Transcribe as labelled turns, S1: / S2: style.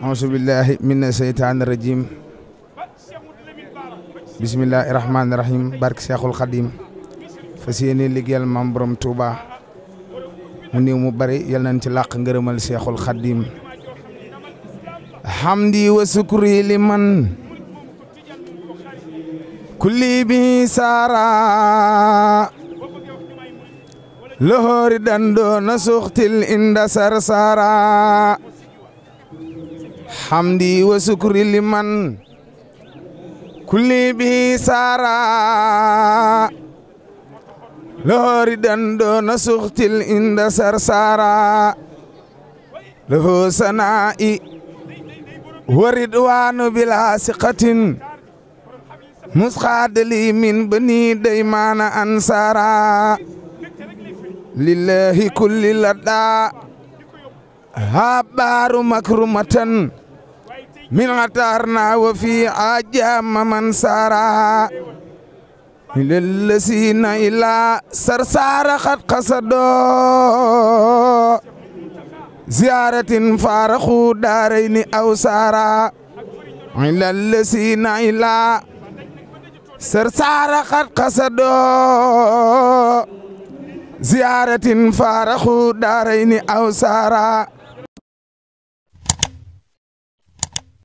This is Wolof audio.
S1: auzu billahi mina seytaani rajim bismillahi rahmaani barke Seexul Xadim fas yéene liggéeyal maam borom Touba mu néew mu bëri yal nañ ci làq ngërëmal Seexul Xadim hamdi wa sukri man kulli bi saara lohoori dan doona suxtil inda sar hamdi wa sukri liman kulli bi sara loori dando na suxtil inda sarsara lahu sanaa'i wa ridwaanu bila siqatin musxaadali min bani daymaana ansara lillahi kulli ladda habaru makrumatan min atarna wa fi ajama man sara lillasina ila sarsara xat xasado ziyaratin faraxu darayni aw sara lillasina ila sarsara xat xasado ziyaratin faraxu darayni aw sara